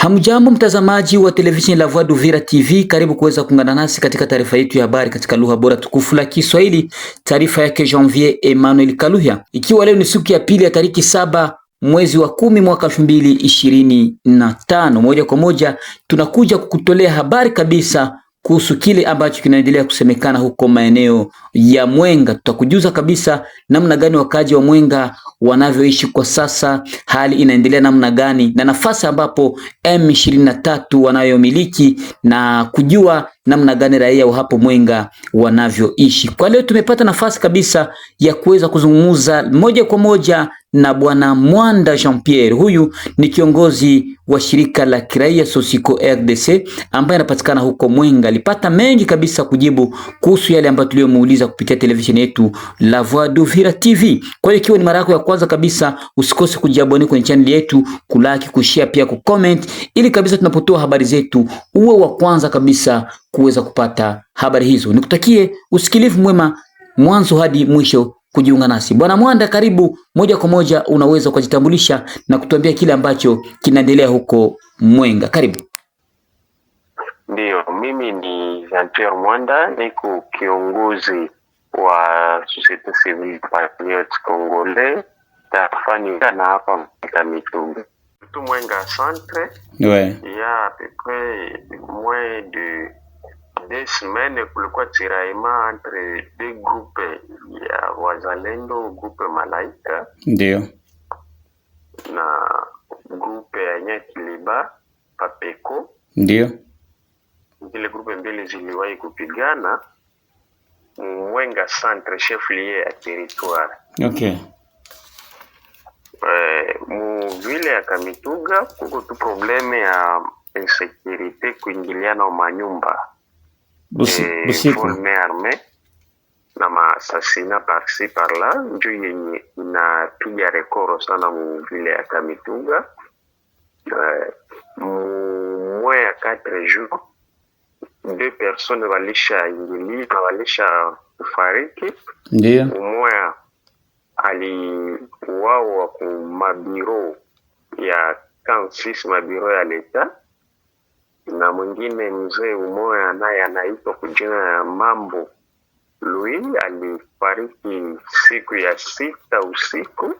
Hamjambo mtazamaji wa televisheni la Voix d'Uvira TV, karibu kuweza kuungana nasi katika taarifa yetu ya habari katika lugha bora tukufu la Kiswahili, taarifa yake Janvier Emmanuel kaluhya ikiwa leo ni siku ya pili ya tariki saba mwezi wa kumi mwaka elfu mbili ishirini na tano. Moja kwa moja tunakuja kukutolea habari kabisa kuhusu kile ambacho kinaendelea kusemekana huko maeneo ya Mwenga. Tutakujuza kabisa namna gani wakaji wa Mwenga wanavyoishi kwa sasa, hali inaendelea namna gani, na nafasi ambapo M23 wanayomiliki na kujua namna gani raia wa hapo Mwenga wanavyoishi. Kwa leo tumepata nafasi kabisa ya kuweza kuzungumza moja kwa moja na bwana Mwanda Jean Pierre. Huyu ni kiongozi wa shirika la kiraia Sosiko RDC ambaye anapatikana huko Mwenga. Alipata mengi kabisa kujibu kuhusu yale ambayo tuliyomuuliza kupitia televisheni yetu La Voix d'Uvira TV. Kwa hiyo ikiwa ni mara yako ya kwanza kabisa, usikose kujiabone kwenye channel yetu, kulaki, kushare pia kucomment, ili kabisa tunapotoa habari zetu uwe wa kwanza kabisa kuweza kupata habari hizo. Nikutakie usikilivu mwema mwanzo hadi mwisho kujiunga nasi. Bwana Mwanda, karibu moja kwa moja, unaweza ukajitambulisha na kutuambia kile ambacho kinaendelea huko Mwenga. Karibu. Ndiyo, mimi ni Jean Pierre Mwanda, niko kiongozi wa Societe Civile Patriote Congolais tarafani na hapa Mitumbe tu Mwenga centre ya pekwe mwe de de semaine kulikuwa tiraima entre de grupe ya wazalendo grupe malaika ndio na grupe ya nyakiliba papeko ndio zile grupe mbili ziliwahi kupigana mwenga centre chef lie ya territoire okay Uh, eh, muvile ya Kamituga kuko tu probleme ya insekurite kuingiliana manyumba E former arme na maasasina parsi parla njo yenye inapiga rekoro sana muvile ya Kamitunga. Uh, eh, mwe ya 4 jours deux personnes walishaingilika walisha kufariki, ndio umoya aliuawa ku mabiro ya kansis mabiro ya leta na mwingine mzee Umoya naye anaitwa kwa jina ya Mambo Lui alifariki siku ya sita usiku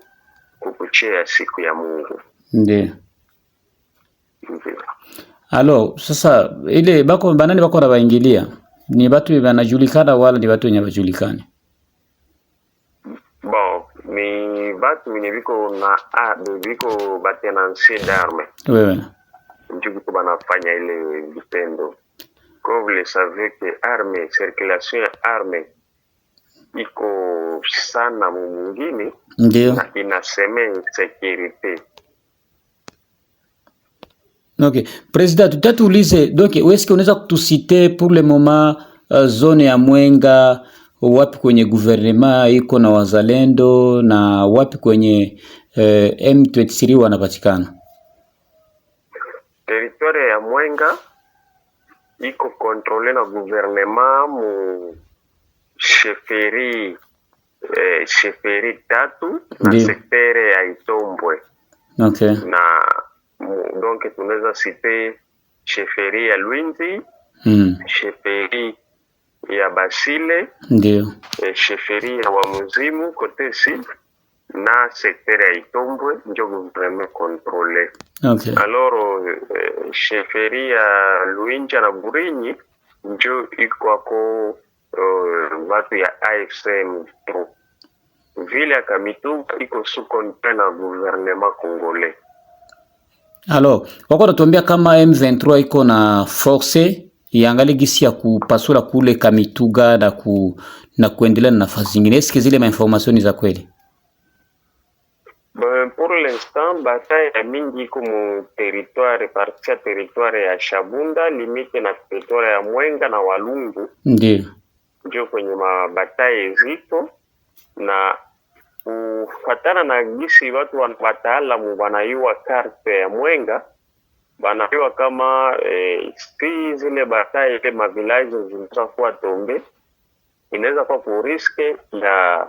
kukuchea siku ya Mungu. Ndiyo. Alo, sasa ile bako banani bako nabaingilia ni batu banajulikana wala ni batu wenye bajulikani? bo ni batu wenye biko na biko ah, batenansi darme. Wewe njo viko banafanya ile vitendo ko vile savez que arme circulation ya arme iko sana mumungini ndio na inaseme insecurite Ok, President, tutatuulize donc weske unaweza kutusite pour le moment uh, zone ya Mwenga wapi kwenye guvernema iko na wazalendo na wapi kwenye uh, M23 wanapatikana? Teritoria ya Mwenga iko kontrole na guvernema mu sheferi eh, sheferi tatu na sektere ya Itombwe okay. na donc tunaweza cite sheferi ya Lwindi mm. sheferi ya Basile ndio eh, sheferi ya Wamuzimu kote sud n'a secteur ya itombwe njo guvernema kontrole okay. alors eh, sheferi ya luinja na burinyi njo ikwako uh, eh, ya afcm tro vile ya kamitumba iko su na guvernema congolais alors wako natuambia kama M23 iko na force yangali gisi ya kupasula kule Kamituga na, ku, na kuendelea na nafasi zingine. Eske zile mainformasyoni za kweli? l'instant, bataille ya mingi iko mu territoire parti ya territoire ya Shabunda limite na territoire ya Mwenga na Walungu, ndio ndio kwenye mabataye ziko na kufatana na gisi watu wataalamu wanaiwa karte ya Mwenga banaiwa kama eh, si zile bataye ile mavilaji kuwa tombe inaweza kuwa kuriske ya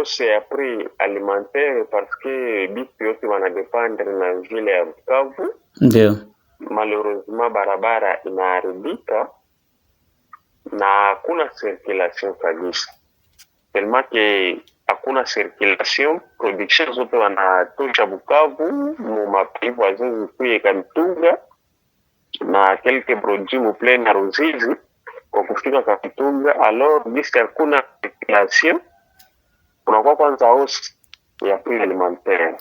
Mosi ya prix alimentaire parce que bitu yote wanadependre na vile ya Bukavu. Ndio malheureusement barabara inaharibika na hakuna circulation kabisa, que hakuna circulation, production zote wanatosha Bukavu mu mapri voisin zikuye na quelque produit mu plein na Ruzizi kwa kufika Kabitunga, alors bisu hakuna circulation kunakuwa kwanza host, ya pili ni mantere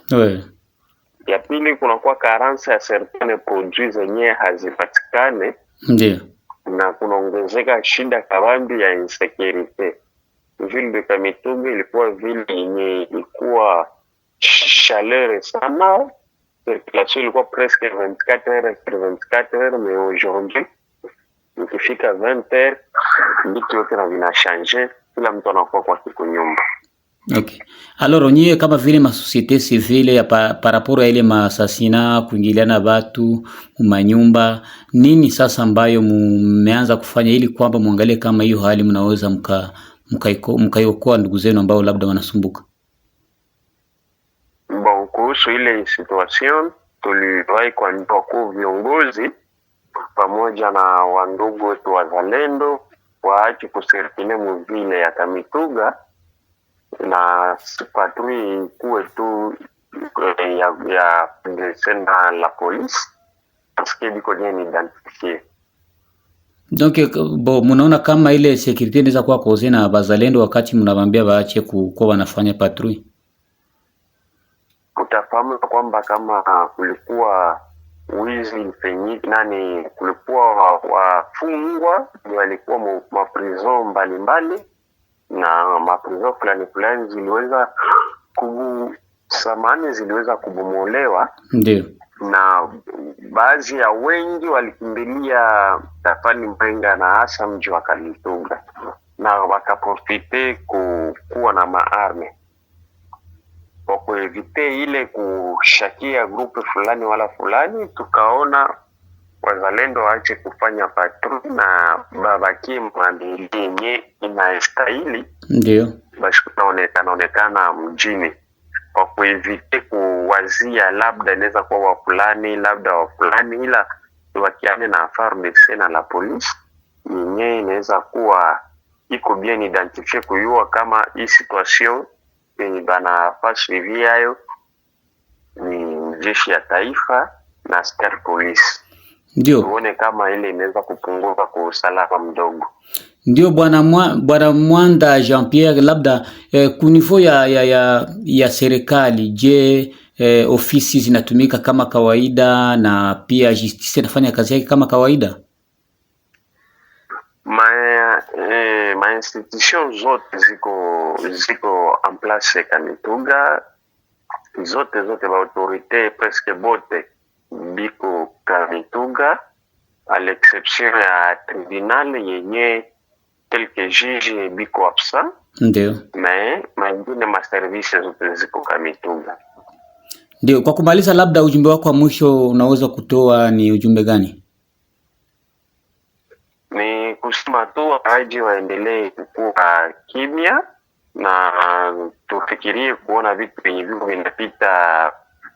ya pili kunakuwa karansa ya serikali produit zenyewe hazipatikane ndio, na kunaongezeka shida kabambi ya insecurity. Ville de Kamitume ilikuwa vile yenye ilikuwa chaleur sana, circulation ilikuwa presque 24 heures sur 24 heures, mais aujourd'hui ikifika 20 heures vitu yote na vinashange, kila mtu anakuwa kwa siku nyumba Okay. Alors nyiwe kama vile masosiete civile pa, paraporo ya ile maasasina kuingiliana batu manyumba nini sasa ambayo mmeanza kufanya ili kwamba mwangalie kama hiyo hali mnaweza mkaiokoa ndugu zenu ambao labda wanasumbuka? Bon, kuhusu ile situation tuliwahi kuambiwa kuu viongozi pamoja na wandugu wetu wazalendo waache kuserkile muvile ya Kamituga na sipatui ikuwe tu eh, ya ya tungesema la polisi paske biko nie ni identifie donc bo munaona kama ile sekurite inaweza kuwa koze na bazalendo, wakati mnabambia baache kukuwa wanafanya patrui. Utafahamu kwamba kama kulikuwa wizi ifanyike nani, kulikuwa wafungwa walikuwa maprison mbalimbali na maprizo fulani fulani ziliweza kubu, samani ziliweza kubomolewa ndio na baadhi ya wengi walikimbilia tafani Mpenga na hasa mji wa Kalitunga na wakaprofite kuwa na maarme kwa kuevite ile kushakia grupe fulani wala fulani, tukaona wazalendo waache kufanya patru na babakie maadili yenye inastahili, ndio basi onekana mjini kwa kuevite kuwazia, labda inaweza kuwa wafulani labda wafulani, ila wakiane na FARDC na la polisi yenye inaweza kuwa iko bien identifie kuyua kama hii situation yenye banafaa suivi yayo ni jeshi ya taifa na askari polisi ndio uone kama ile imeweza kupunguka kwa usalama mdogo. Ndio bwana mwa, bwana Mwanda Jean Pierre, labda eh, kunifo ya, ya, ya, ya serikali je, eh, ofisi zinatumika kama kawaida na pia justice inafanya kazi yake kama kawaida? Ma, eh, ma institution zote ziko ziko en place Kamituga, zote zote ba autorite presque bote biko kamituga à l'exception ya tribunal yenye quelques juges biko absent, ndio me mengine maservisi zote ziko Kamituga. Ndio, kwa kumaliza, labda ujumbe wako wa mwisho unaweza kutoa ni ujumbe gani? Ni kusema tu wakaaji waendelee kukua kimya na tufikirie kuona vitu vyenye viko vinapita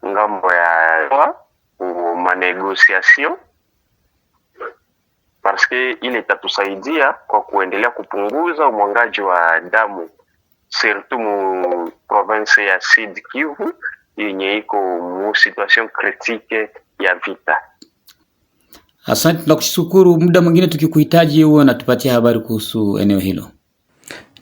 ngambo ya kwa manegosiasio parske ile itatusaidia kwa kuendelea kupunguza umwangaji wa damu surtout mu province ya Sud Kivu yenye iko mu situation critique ya vita. Asante, tunakushukuru. Muda mwingine tukikuhitaji, uwe unatupatia habari kuhusu eneo hilo.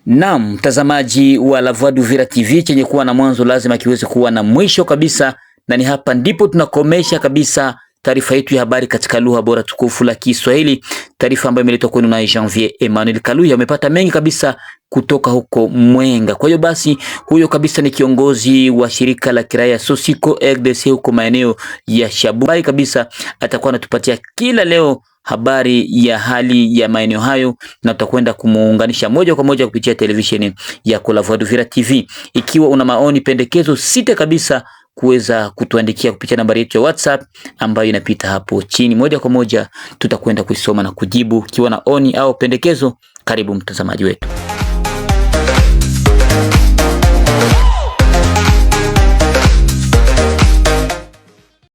Naam, mtazamaji wa La Voix d'Uvira TV, chenye kuwa na mwanzo lazima kiweze kuwa na mwisho kabisa na ni hapa ndipo tunakomesha kabisa taarifa yetu ya habari katika lugha bora tukufu la Kiswahili, taarifa ambayo imeletwa kwenu na Janvier Emmanuel Kaluya. Amepata mengi kabisa kutoka huko Mwenga. Kwa hiyo basi, huyo kabisa ni kiongozi wa shirika la kiraia Sosiko RDC huko maeneo ya Shabu. kabisa atakuwa anatupatia kila leo habari ya hali ya maeneo hayo, na tutakwenda kumuunganisha moja kwa moja kupitia televisheni ya Cola Vira TV. Ikiwa una maoni, pendekezo sita kabisa kuweza kutuandikia kupitia nambari yetu ya WhatsApp ambayo inapita hapo chini. Moja kwa moja tutakwenda kuisoma na kujibu. Ukiwa na oni au pendekezo, karibu mtazamaji wetu.